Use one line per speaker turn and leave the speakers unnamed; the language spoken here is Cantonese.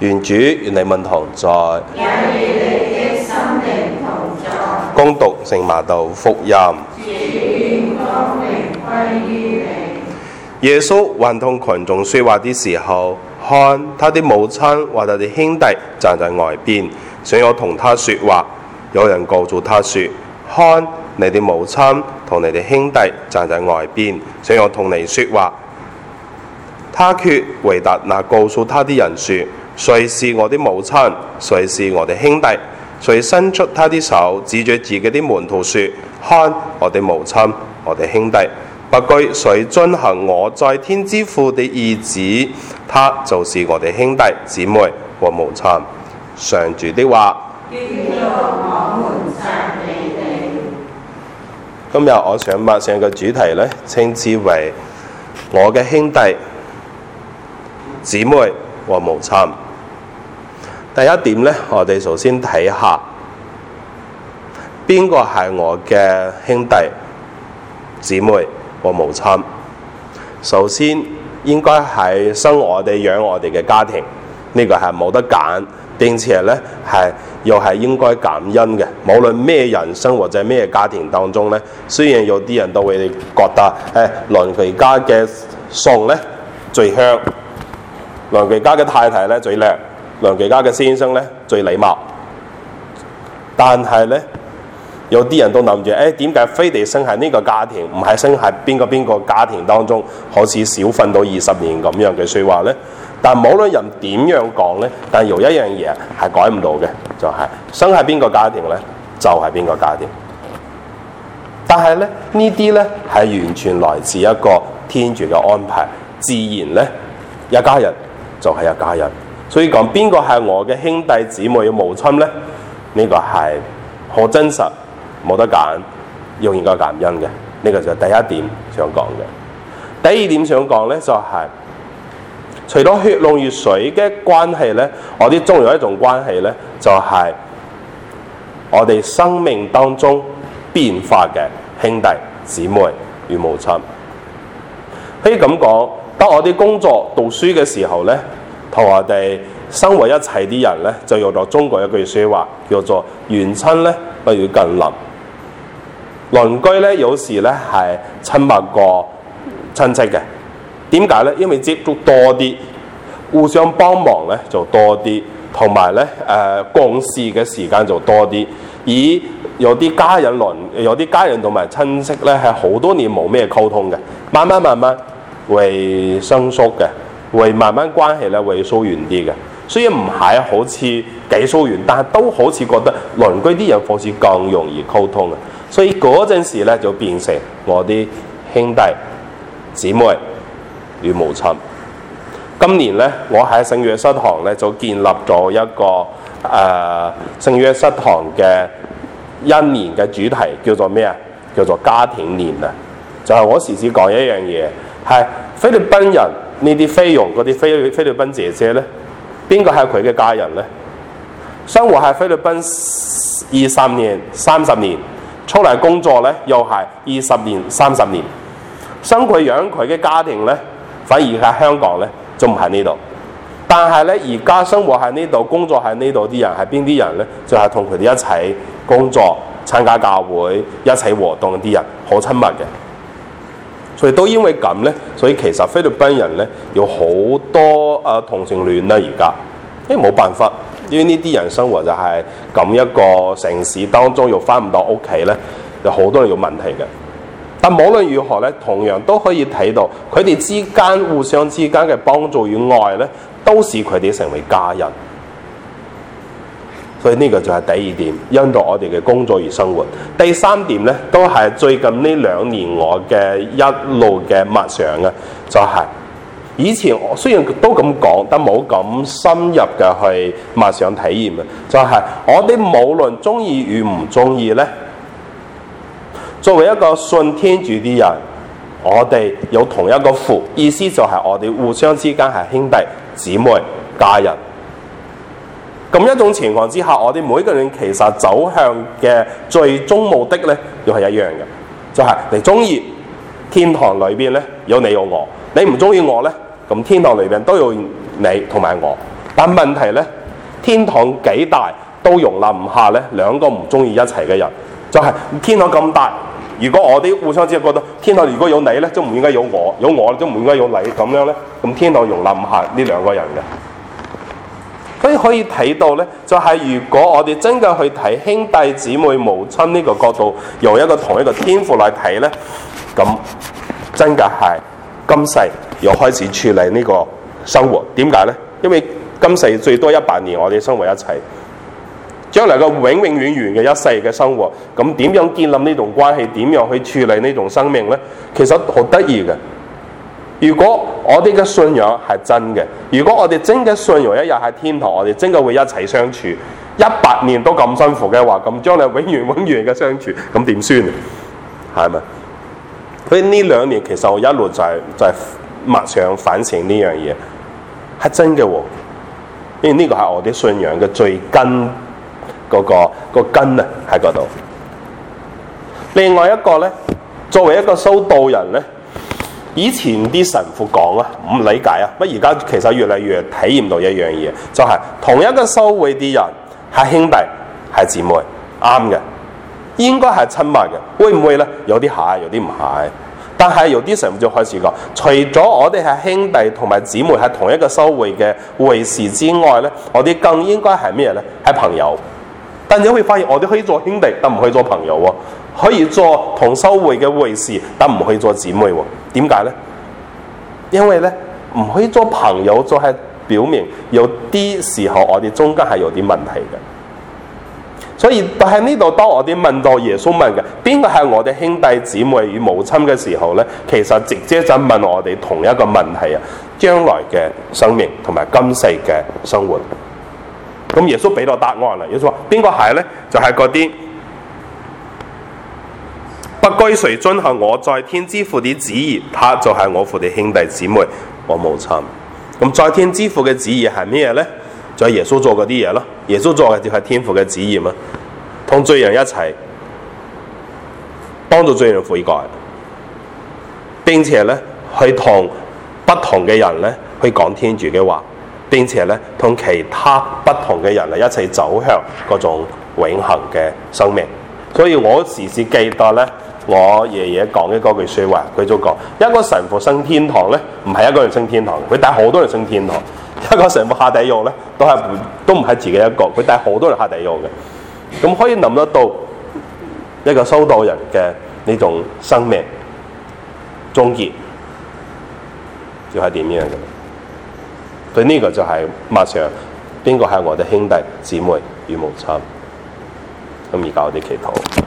願主與你們同在，也與你的心靈同在。恭讀聖瑪竇福音，主，願光榮歸於你。耶穌還同群眾說話的時候，看他的母親或他的兄弟站在外邊，想要同他說話。有人告訴他說：看，你的母親同你的兄弟站在外邊，想要同你說話。他卻回答那告訴他的人說。誰是我的母親？誰是我的兄弟？誰伸出他的手指著自己的門徒説：看，我的母親，我的兄弟。不拘：「誰遵行我在天之父的意旨？他就是我的兄弟姊妹和母親。上主的話。今日我想默想嘅主題呢，稱之為我嘅兄弟姊妹和母親。第一點呢，我哋首先睇下邊個係我嘅兄弟、姊妹和母親。首先應該係生我哋、養我哋嘅家庭，呢個係冇得揀。並且呢，係又係應該感恩嘅。無論咩人生或者咩家庭當中呢，雖然有啲人都會覺得誒，鄰居家嘅餸呢，最香，鄰居家嘅太太呢，最靚。梁其家嘅先生咧，最禮貌，但係咧，有啲人都諗住，誒，點解非得生喺呢個家庭，唔係生喺邊個邊個家庭當中，好似少瞓到二十年咁樣嘅説話咧？但無論人點樣講咧，但有一樣嘢係改唔到嘅，就係、是、生喺邊個家庭咧，就係、是、邊個家庭。但係咧呢啲咧係完全來自一個天主嘅安排，自然咧一家人就係一家人。所以講邊個是我的兄弟姊妹與母親呢？這個是很真實，沒得揀，用一個感恩的這個就是第一點想講的。第二點想講的就是除了血濃於水的關係咧，我們仲有一種關係咧，就是我們生命當中變化的兄弟姊妹與母親。可以這咁講，當我們工作讀書的時候咧。同我哋生活一齊啲人咧，就用咗中國一句説話，叫做遠親咧不如近鄰。鄰居咧有時咧係親密過親戚嘅，點解咧？因為接觸多啲，互相幫忙咧就多啲，同埋咧誒共事嘅時間就多啲。而有啲家人鄰有啲家人同埋親戚咧，係好多年冇咩溝通嘅，慢慢慢慢會生疏嘅。會慢慢關係咧，會疏遠啲嘅，雖然唔係好似幾疏遠，但係都好似覺得鄰居啲人好似更容易溝通嘅。所以嗰陣時咧就變成我啲兄弟姊妹與母親。今年咧，我喺聖約瑟堂咧就建立咗一個誒聖約瑟堂嘅一年嘅主題叫做咩啊？叫做家庭年啊！就係、是、我時時講一樣嘢，係菲律賓人。呢啲菲傭嗰啲菲菲律賓姐姐咧，邊個係佢嘅家人咧？生活喺菲律賓二十年、三十年，出嚟工作咧又係二十年、三十年，生佢養佢嘅家庭咧，反而喺香港咧仲唔喺呢度。但係咧而家生活喺呢度、工作喺呢度啲人係邊啲人咧？就係同佢哋一齊工作、參加教會、一齊活動啲人，好親密嘅。所以都因為咁咧，所以其實菲律賓人咧有好多啊同性戀啦而家，因為冇辦法，因為呢啲人生活就係咁一個城市當中，又翻唔到屋企咧，有好多人有問題嘅。但無論如何咧，同樣都可以睇到佢哋之間互相之間嘅幫助與愛咧，都使佢哋成為家人。所以呢個就係第二點，因到我哋嘅工作而生活。第三點咧，都係最近呢兩年我嘅一路嘅默想啊，就係、是、以前我雖然都咁講，但冇咁深入嘅去默想體驗啊。就係、是、我哋無論中意與唔中意咧，作為一個信天主啲人，我哋有同一個父，意思就係我哋互相之間係兄弟姊妹家人。咁一種情況之下，我哋每個人其實走向嘅最終目的咧，都係一樣嘅，就係你中意天堂裏邊咧有你有我，你唔中意我咧，咁天堂裏邊都有你同埋我。但問題咧，天堂幾大都容納唔下咧兩個唔中意一齊嘅人，就係天堂咁大，如果我哋互相之間覺得天堂如果有你咧，都唔應該有我；有我都唔應該有你咁樣咧，咁天堂容納唔下呢兩個人嘅。所以可以睇到咧，就係、是、如果我哋真嘅去睇兄弟姊妹、母親呢個角度，用一個同一個天父嚟睇咧，咁真嘅係今世又開始處理呢個生活。點解咧？因為今世最多一百年，我哋生活一齊，將來嘅永永遠遠嘅一世嘅生活，咁點樣建立呢種關係？點樣去處理呢種生命咧？其實好得意嘅。如果我哋嘅信仰係真嘅，如果我哋真嘅信仰一日喺天堂，我哋真嘅會一齊相處一百年都咁辛苦嘅話，咁將來永遠永遠嘅相處，咁點算啊？係咪？所以呢兩年其實我一路就係、是、就係默想反省呢樣嘢係真嘅喎、哦，因為呢個係我哋信仰嘅最根嗰、嗰個嗰根啊喺嗰度。另外一個咧，作為一個修道人咧。以前啲神父講啊，唔理解啊。乜而家其實越嚟越體驗到一樣嘢，就係同一個修會啲人係兄弟係姊妹，啱嘅應該係親密嘅。會唔會咧？有啲係，有啲唔係。但係有啲神父就開始講，除咗我哋係兄弟同埋姊妹係同一個修會嘅會士之外咧，我哋更應該係咩咧？係朋友。但你會發現我哋可以做兄弟，但唔可以做朋友。可以做同修會嘅會士，但唔可以做姊妹。點解咧？因為咧，唔可以做朋友，就係表明有啲時候我哋中間係有啲問題嘅。所以喺呢度，當我哋問到耶穌問嘅邊個係我哋兄弟姊妹與母親嘅時候咧，其實直接就問我哋同一個問題啊：將來嘅生命同埋今世嘅生活。咁耶穌俾到答案啦。耶穌話：邊個係咧？就係嗰啲。不拘誰遵行我在天之父啲旨意，他就係我父嘅兄弟姊妹，我母親。咁在天之父嘅旨意係咩呢？就係、是、耶穌做嗰啲嘢咯。耶穌做嘅就係天父嘅旨意啊！同罪人一齊幫助罪人悔改，並且呢，去同不同嘅人呢，去講天主嘅話，並且呢，同其他不同嘅人嚟一齊走向嗰種永恆嘅生命。所以我時時記得呢，我爺爺講嘅嗰句說話，佢都講：一個神父升天堂咧，唔係一個人升天堂，佢帶好多人升天堂；一個神父下地獄咧，都係都唔係自己一個，佢帶好多人下地獄嘅。咁可以諗得到一個修道人嘅呢種生命終結，要係點樣嘅？所以呢個就係默想，邊個係我哋兄弟姊妹與母親？咁而家我哋祈禱。